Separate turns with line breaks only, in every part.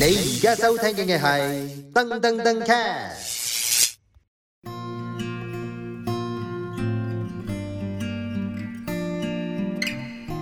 你而家收聽緊嘅係燈登登 cast。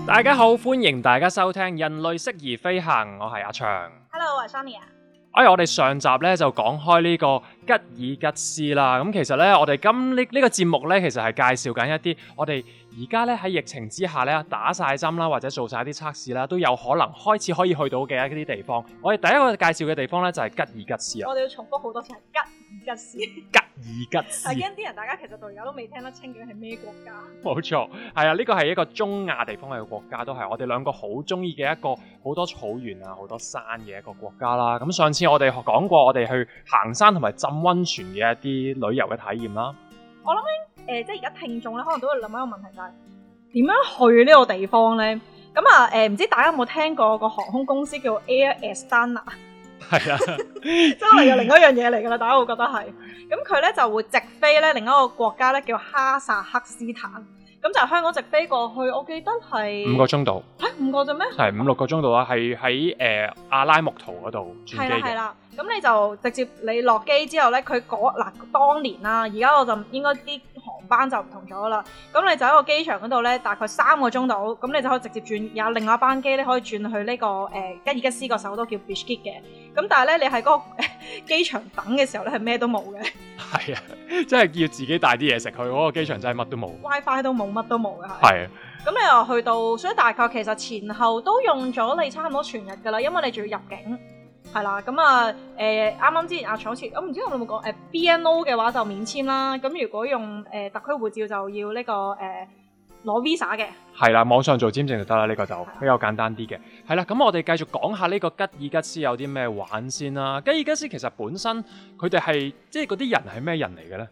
大家好，歡迎大家收聽《人類適宜飛行》，我係阿祥。
Hello，我係 Sonya。
哎，我哋上集咧就講開呢、這個吉爾吉斯啦，咁其實咧我哋今呢呢個節目咧，其實係、這個、介紹緊一啲我哋而家咧喺疫情之下咧打晒針啦或者做晒啲測試啦，都有可能開始可以去到嘅一啲地方。我哋第一個介紹嘅地方咧就係、是、吉爾吉斯啦。我
哋要重複好多次，吉。吉斯吉
爾吉斯，係驚
啲人，大家其實到而家都未聽得清，究竟係咩國
家？冇錯，係啊，呢個係一個中亞地方嘅國家，都係我哋兩個好中意嘅一個好多草原啊，好多山嘅一個國家啦。咁上次我哋學講過，我哋去行山同埋浸温泉嘅一啲旅遊嘅體驗啦。
我諗，誒、呃，即係而家聽眾咧，可能都會諗一個問題，就係
點樣去呢個地方咧？咁啊，誒、呃，唔知大家有冇聽
過個航空公司叫 Air Astana？係啦，周圍有另一樣嘢嚟噶啦， 大家會覺得係咁佢咧就會直飛咧另一個國家咧叫哈薩克斯坦，咁就香港直飛過去，我記得係五個鐘度，誒五個鐘咩？係
五六個鐘度啦，係喺誒阿拉木圖嗰度轉機嘅。
咁你就直接你落機之後呢，佢嗰嗱當年啦、啊，而家我就應該啲航班就唔同咗啦。咁你就喺個機場嗰度呢，大概三個鐘度，咁你就可以直接轉有另外一班機呢，可以轉去呢、這個誒、欸、吉爾吉斯個首都叫 Bishkek 嘅。咁但係呢，你喺嗰、那個 機場等嘅時候呢，係咩都冇嘅。
係啊，即係要自己帶啲嘢食去，嗰、那個機場真係乜都冇 wi。
WiFi 都冇，乜都冇嘅係。係啊。咁是、啊、你又去到，所以大概其實前後都用咗你差唔多全日㗎啦，因為你仲要入境。係啦，咁、呃、啊，誒啱啱之前阿彩好似，我唔知我有冇講誒 BNO 嘅話就免簽啦，咁如果用誒、呃、特區護照就要呢、這個誒攞 Visa 嘅。
係、呃、啦，網上做簽證就得啦，呢、這個就比較簡單啲嘅。係啦的，咁我哋繼續講下呢個吉爾吉斯有啲咩玩先啦。吉爾吉斯其實本身佢哋係即係嗰啲人係咩人嚟嘅咧？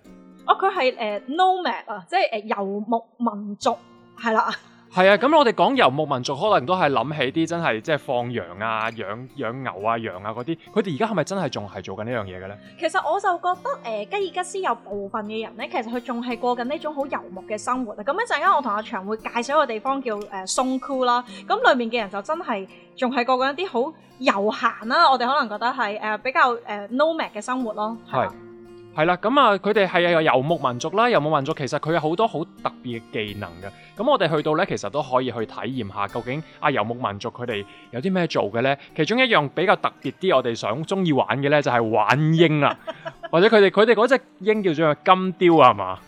哦，佢係誒 nomad 啊，呃、AD, 即係誒、呃、遊牧民族，係啦。
係啊，咁我哋講遊牧民族，可能都係諗起啲真係即係放羊啊、養養牛啊、羊啊嗰啲。佢哋而家係咪真係仲係做緊呢樣嘢嘅咧？
其實我就覺得誒吉爾吉斯有部分嘅人咧，其實佢仲係過緊呢種好遊牧嘅生活啊。咁一陣間我同阿祥會介紹一個地方叫誒松庫啦。咁裏面嘅人就真係仲係過緊一啲好悠閒啦。我哋可能覺得係誒比較誒 nomad 嘅生活咯，
係。係啦，咁啊、嗯，佢哋係啊遊牧民族啦，遊牧民族其實佢有好多好特別嘅技能嘅。咁、嗯、我哋去到咧，其實都可以去體驗下究竟啊游牧民族佢哋有啲咩做嘅咧？其中一樣比較特別啲，我哋想鍾意玩嘅咧就係、是、玩鷹啦、啊， 或者佢哋佢哋嗰隻鷹叫做金雕啊係嘛。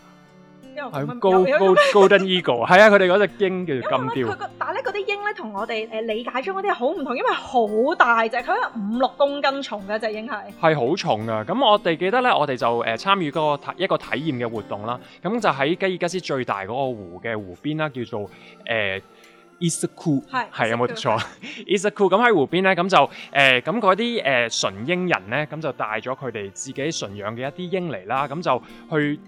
Golden
Eagle 係啊，佢哋嗰隻鷹叫做金雕。
但係咧，嗰啲鷹咧同我哋理解中嗰啲好唔同，因為好大隻，佢五六公斤重嘅隻鷹係。
係好重噶，咁我哋記得呢，我哋就誒參與個一個體驗嘅活動啦。咁就喺吉爾吉斯最大嗰個湖嘅湖邊啦，叫做誒、欸、Issyk Kul 係係有冇錯？Issyk Kul 咁喺湖邊呢，咁就誒咁嗰啲誒純鷹人呢，咁就帶咗佢哋自己純養嘅一啲鷹嚟啦，咁就去。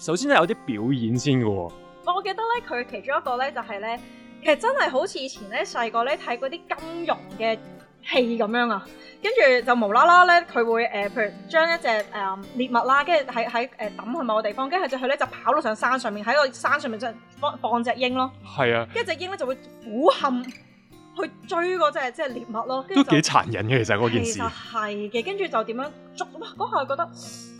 首先係有啲表演先㗎
喎，我記得咧，佢其中一個咧就係、是、咧，其實真係好似以前咧細個咧睇嗰啲金庸嘅戲咁樣啊，跟住就無啦啦咧，佢會誒，譬如將一隻誒、嗯、獵物啦，跟住喺喺誒抌去某個地方，跟住佢咧就跑到上山上面喺個山上面就放放隻鷹咯，係是啊，跟住隻鷹咧就會俯瞰去追嗰隻即係獵物咯，都幾殘
忍嘅其實嗰件事其
實，係嘅，跟住就點樣捉哇嗰下覺得。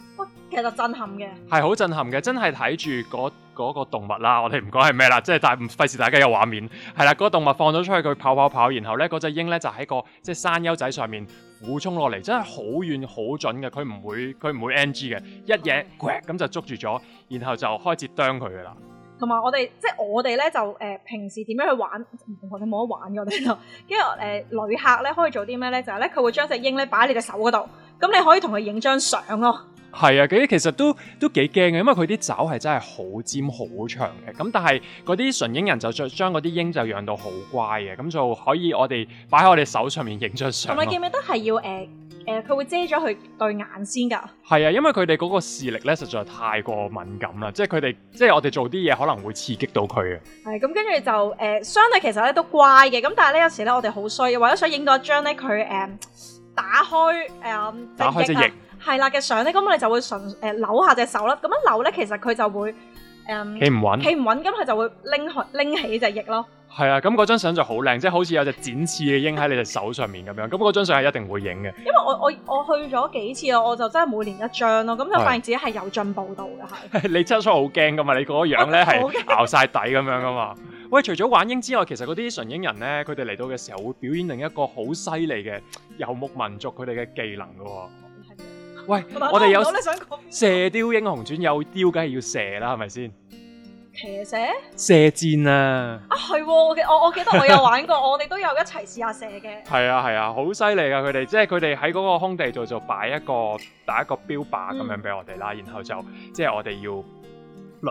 其實震撼嘅
係好震撼嘅，真係睇住嗰嗰個動物啦。我哋唔講係咩啦，即係但係唔費事，大家有畫面係啦。嗰個動物放咗出去，佢跑跑跑，然後咧嗰隻鷹咧就喺個即係山丘仔上面俯衝落嚟，真係好遠好準嘅。佢唔會佢唔會 NG 嘅，嗯、一嘢下咁就捉住咗，然後就開始啄佢噶啦。
同埋我哋即係我哋咧就誒平時點樣去玩？同學冇得玩嘅啦。跟住誒旅客咧可以做啲咩咧？就係咧佢會將隻鷹咧擺喺你隻手嗰度，咁你可以同佢影張相
咯。係啊，佢啲其實都都幾驚嘅，因為佢啲爪係真係好尖好長嘅。咁但係嗰啲馴鷹人就將嗰啲鷹就養到好乖嘅，咁就可以我哋擺喺我哋手上面影出相。同埋記唔記
得係要誒誒，佢、呃呃、會遮咗佢對眼先㗎。
係啊，因為佢哋嗰個視力咧實在太過敏感啦，即係佢哋即係我哋做啲嘢可能會刺激到佢
啊。係咁，跟住就誒，相對其實咧都乖嘅。咁但係呢，有時咧，我哋好衰，或者想影到一張咧，佢誒、呃、打開誒、呃、打開隻翼。啊係啦嘅相咧，咁我哋就會順誒扭下隻手啦。咁樣扭咧，其實佢就會誒企唔穩，企唔穩，咁佢就會拎起拎起隻翼咯。
係啊，咁嗰張相就好靚，即係好似有隻展翅嘅鷹喺你隻手上面咁樣。咁嗰張相係一定會影嘅。
因為我我我去咗幾次啊，我就真係每年一張咯。咁就發現自己係有進步到嘅。係
你初初好驚㗎嘛？你嗰個樣咧係熬曬底咁樣㗎嘛？喂，除咗玩鷹之外，其實嗰啲馴鷹人咧，佢哋嚟到嘅時候會表演另一個好犀利嘅遊牧民族佢哋嘅技能㗎喎。喂，我哋有我想講射雕英雄傳有雕，梗係要射啦，係咪先？
騎射？
射箭啊！
啊，係，我我記得我有玩過， 我哋都有一齊試下射
嘅。係啊，係啊，好犀利啊，佢哋即係佢哋喺嗰個空地度就擺一個打一個標靶咁樣俾我哋啦，嗯、然後就即係我哋要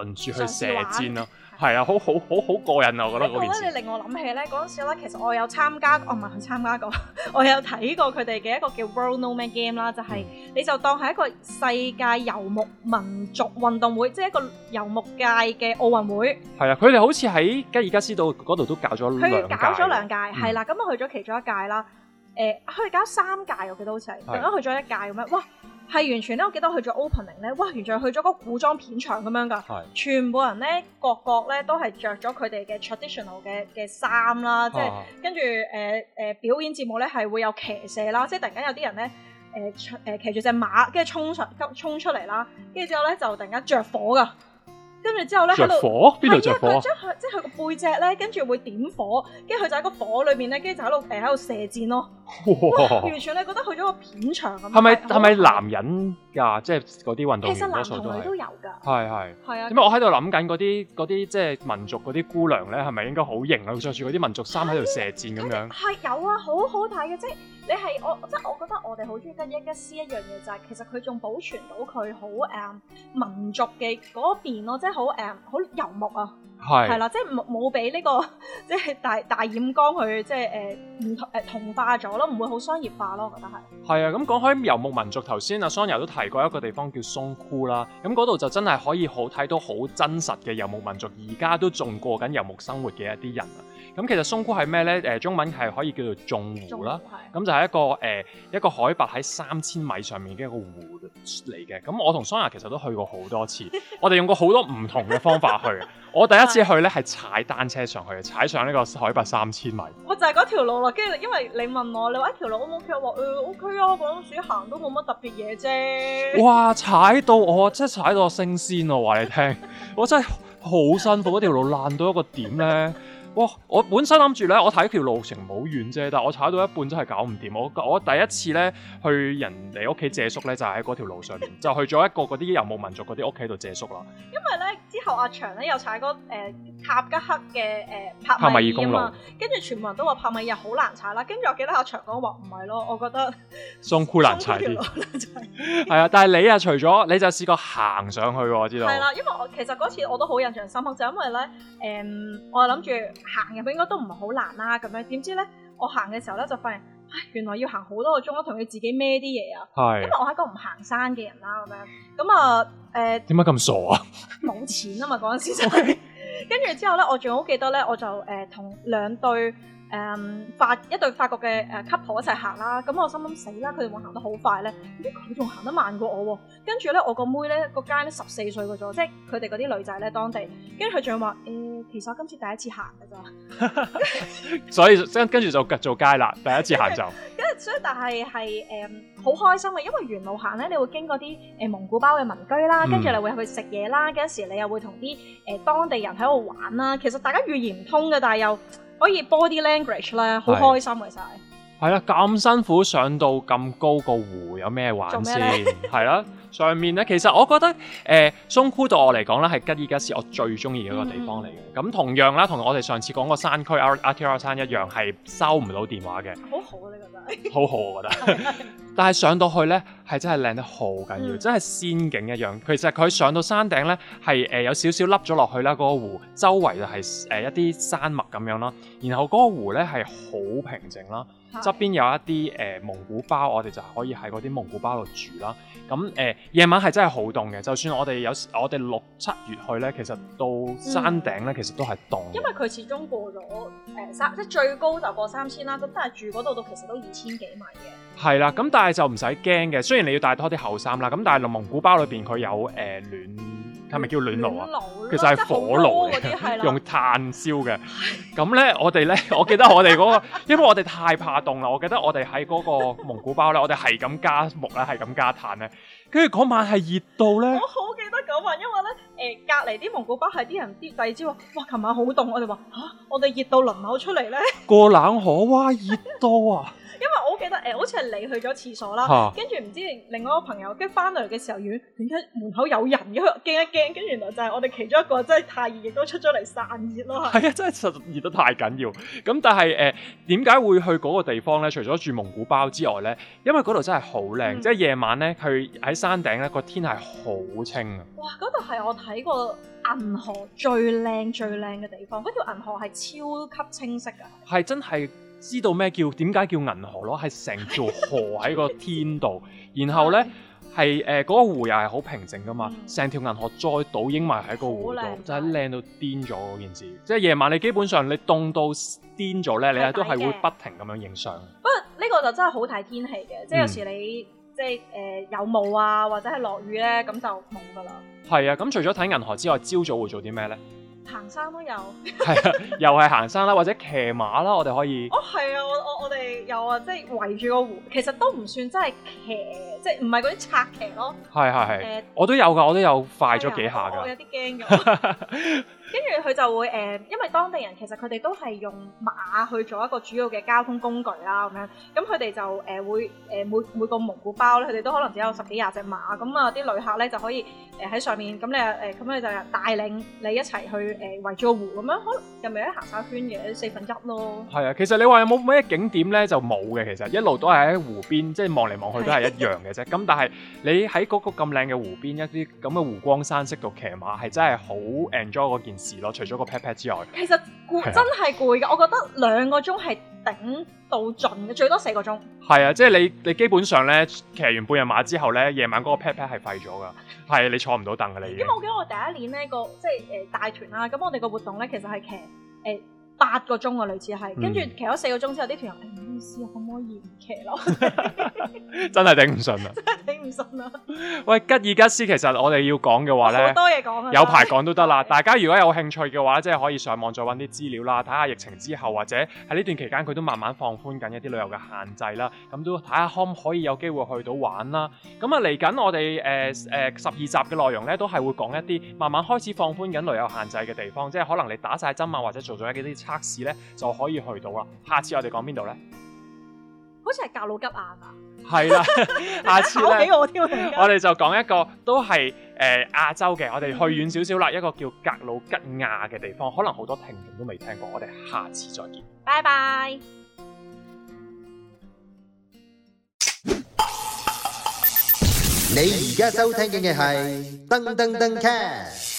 輪住去射箭咯。係啊，好好好好過癮啊，我覺得嗰件。我覺
得你令我諗起咧，嗰陣時咧，其實我有參加，我唔係去參加過，我有睇過佢哋嘅一個叫 World Nomad Game 啦，就係你就當係一個世界遊牧民族運動會，即係一個遊牧界嘅奧運會。
係啊，佢哋好似喺吉爾吉斯度嗰度都搞咗。佢搞咗兩
屆，係啦，咁我去咗其中一屆啦。誒，佢搞三屆，我記得好似係，另外去咗一屆咁樣。哇！係完全咧，我記得我去咗 opening 咧，哇！完全去咗個古裝片場咁樣㗎，全部人咧角角咧都係着咗佢哋嘅 traditional 嘅嘅衫啦，即係跟住誒誒表演節目咧係會有騎射啦，即係突然間有啲人咧誒誒騎住隻馬跟住衝，衝出急衝出嚟啦，跟住之後咧就突然間着火㗎。跟住之後咧喺度火，係啊！佢將即係佢個背脊咧，跟住會點火，跟住佢就喺個火裏面咧，跟住就喺度皮喺度射箭咯。哇！完全你覺得去咗個片場咁。係咪係咪
男人㗎？即係嗰啲運動員其實男女都有㗎。係係係啊！咁我喺度諗緊嗰啲嗰啲即係民族嗰啲姑娘咧，係咪應該好型啊？着住嗰啲民族衫喺度射箭咁樣。
係有啊，好好睇嘅即。你係我，即係我覺得我哋好中意跟一吉斯一樣嘢，就係、是、其實佢仲保存到佢好誒民族嘅嗰邊咯，即係好誒好遊牧啊，係啦是，即係冇冇俾呢個即係大大染缸去即係誒唔同誒同化咗咯，唔會好商業化咯，我覺得
係。係啊，咁講開遊牧民族，頭先阿桑柔都提過一個地方叫松箍啦，咁嗰度就真係可以好睇到好真實嘅遊牧民族，而家都仲過緊遊牧生活嘅一啲人。咁其實松湖係咩咧？誒中文係可以叫做眾湖啦。咁就係一個誒、呃、一個海拔喺三千米上面嘅一個湖嚟嘅。咁、嗯、我同桑雅其實都去過好多次， 我哋用過好多唔同嘅方法去。我第一次去咧係踩單車上去，踩上呢個海拔三千米。
我就係嗰條路咯，跟住因為你問我，你話一條路 O 唔 O K？我話、呃、O、okay、K 啊，我嗰陣時行都冇乜特別嘢啫。哇！
踩到我真係踩到我昇仙啊！我話你聽，我真係好辛苦。嗰 條路爛到一個點咧～哇！我本身諗住咧，我睇條路程冇遠啫，但係我踩到一半真係搞唔掂。我我第一次咧去人哋屋企借宿咧，就喺、是、嗰條路上面， 就去咗一個嗰啲遊牧民族嗰啲屋企度借宿啦。
因為咧之後阿長咧又踩嗰、呃、塔吉克嘅誒帕米爾公路，跟住全部人都話帕米爾好難踩啦。跟住我記得阿長講話唔係咯，我覺得
松庫難踩啲。松庫條路難踩。係啊，但係你啊，除咗你就試過行上去喎，我知道。係啦，
因為我其實嗰次我都好印象深刻，就因為咧誒、嗯，我係諗住。行入去應該都唔係好難啦，啊，咁樣點知咧，我行嘅時候咧就發現，唉，原來要行好多個鐘咯，同佢自己孭啲嘢啊，是因為我係一個唔行山嘅人啦，咁樣咁啊，誒點解咁傻啊？冇錢啊嘛嗰陣時就係，跟住 之後咧，我仲好記得咧，我就誒同、呃、兩對。誒、um, 法一對法國嘅誒 couple 一齊行啦，咁、嗯、我心諗死啦，佢哋會行得好快咧。咦佢仲行得慢過我喎，跟住咧我個妹咧、個街咧十四歲嘅啫，即係佢哋嗰啲女仔咧當地，跟住佢仲要話其實我今次第一次行噶，
所以跟住就入咗街啦，第一次行就，
咁所以但係係誒好開心嘅，因為沿路行咧，你會經過啲誒、呃、蒙古包嘅民居啦，跟住你會去食嘢啦，有時你又會同啲誒當地人喺度玩啦，其實大家語言唔通嘅，但係又。可以 body language 啦，好開心
嘅曬。係啊，咁辛苦上到咁高個湖，有咩玩先？係啦， 上面咧，其實我覺得誒、呃，松箍對我嚟講咧，係吉爾吉斯我最中意嘅一個地方嚟嘅。咁、嗯、同樣啦，同我哋上次講個山區阿阿提爾山一樣，係收唔到電話嘅。好好、啊、你覺得？ 好好，我覺得。 對對對，但係上到去咧。係真係靚得好緊要，嗯、真係仙境一樣。其實佢上到山頂咧，係誒、呃、有少少凹咗落去啦。嗰、那個湖周圍就係、是、誒、呃、一啲山脈咁樣啦。然後嗰個湖咧係好平靜啦。側是邊有一啲誒、呃、蒙古包，我哋就可以喺嗰啲蒙古包度住啦。咁誒夜晚係真係好凍嘅。就算我哋有時我哋六七月去咧，其實到山頂咧，嗯、其實都係凍。因
為佢始終過咗誒三，即、呃、係最高就過三千啦。咁但係住嗰度到其實都二千幾米嘅。
係啦，咁但係就唔使驚嘅。雖然你要帶多啲厚衫啦，咁但係蒙古包裏邊佢有誒暖，係咪叫暖爐啊？其實係火爐嚟嘅，用炭燒嘅。咁咧，我哋咧，我記得我哋嗰個，因為我哋太怕凍啦。我記得我哋喺嗰個蒙古包咧，我哋係咁加木咧，係咁加炭咧。跟住嗰晚係熱到咧，我好
記得嗰晚，因為咧誒隔離啲蒙古包係啲人第二朝，哇！琴晚好凍，我哋話嚇，我哋熱到輪流出嚟咧。
過冷河哇，熱到啊！
因為我記得誒、呃，好似係你去咗廁所啦，跟住唔知另外一個朋友跟翻嚟嘅時候，點點解門口有人嘅？驚一驚，跟住原來就係我哋其中一個真係太熱，亦都出咗嚟散熱咯。係啊，
真係實熱得太緊要。咁但係誒，點、呃、解會去嗰個地方咧？除咗住蒙古包之外咧，因為嗰度真係好靚，嗯、即係夜晚咧，佢喺山頂咧個天係好清啊！
哇，嗰度係我睇過銀河最靚最靚嘅地方，嗰條銀河係超級清晰
啊，係的真係。知道咩叫點解叫銀河咯？係成條河喺個天度，然後咧係誒嗰個湖又係好平靜噶嘛，成條銀河再倒影埋喺個湖度，就係靚到癲咗件事。即係夜晚你基本上你凍到癲咗咧，你都係會不停咁樣影相。
不過呢個就真係好睇天氣嘅，即係有時你、嗯、即係誒、呃、有霧啊，或者係落雨咧，咁就冇噶啦。
係啊，咁、嗯嗯嗯、除咗睇銀河之外，朝早會做啲咩咧？
行山都有，係
啊，又係行山啦，或者騎馬啦，我哋可以。哦，
係啊，我我我哋有啊，即係圍住個湖，其實都唔算真係騎。即係唔係嗰
啲策騎咯？係係係。誒，我都有㗎，我都有快咗幾下㗎。有啲驚
㗎。跟住佢就會誒，因為當地人其實佢哋都係用馬去做一個主要嘅交通工具啦，咁樣。咁佢哋就誒會誒每每個蒙古包咧，佢哋都可能只有十幾廿隻馬咁啊！啲旅客咧就可以誒喺上面咁你誒咁你就帶領你一齊去誒圍住個湖咁樣，可能又咪喺行山圈嘅四分一咯。
係啊，其實你話有冇咩景點咧？就冇嘅。其實一路都係喺湖邊，即係望嚟望去都係一樣嘅。咁但係你喺嗰個咁靚嘅湖邊一啲咁嘅湖光山色度騎馬，係真係好 enjoy 嗰件事咯。除咗個 pat pat 之外，
其實攰，真係攰嘅。的我覺得兩個鐘係頂到盡嘅，最多四個鐘。
係啊，即係你你基本上咧騎完半日馬之後咧，夜晚嗰個 pat pat 係廢咗噶係你坐唔到凳噶你咁我
記得我第一年呢個即係誒、呃、大團啦、啊，咁我哋個活動咧其實係騎誒。呃八個鐘啊，類似係，跟住騎咗四個鐘之後，啲團友唔好意
思，可唔可以延期咯？ 真係頂唔順啊！ 真係
頂唔
順啊！喂，吉爾吉斯，其實我哋要講嘅話咧，好多嘢
講啊，有排講都
得啦。對大家如果有興趣嘅話，即係可以上網再搵啲資料啦，睇下疫情之後或者喺呢段期間佢都慢慢放寬緊一啲旅遊嘅限制啦。咁都睇下可唔可以有機會去到玩啦。咁啊，嚟緊我哋誒誒十二集嘅內容咧，都係會講一啲慢慢開始放寬緊旅遊限制嘅地方，即係可能你打晒針啊，或者做咗一啲。測試咧就可以去到啦。下次我哋講邊度咧？
好似係格魯吉亞啊？
係啦 了，
下次咧，我哋
就講一個都係誒亞洲嘅，我哋去遠少少啦，一個叫格魯吉亞嘅地方，可能好多聽眾都未聽過。我哋下次再見，
拜拜 bye。
你而家收聽緊嘅係噔噔噔 cast